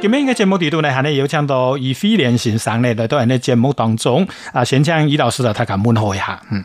今日嘅節目地圖呢，還咧請到余惠蓮係上來的到節目當中，啊，先請余老師啦，他咁問候一下，嗯。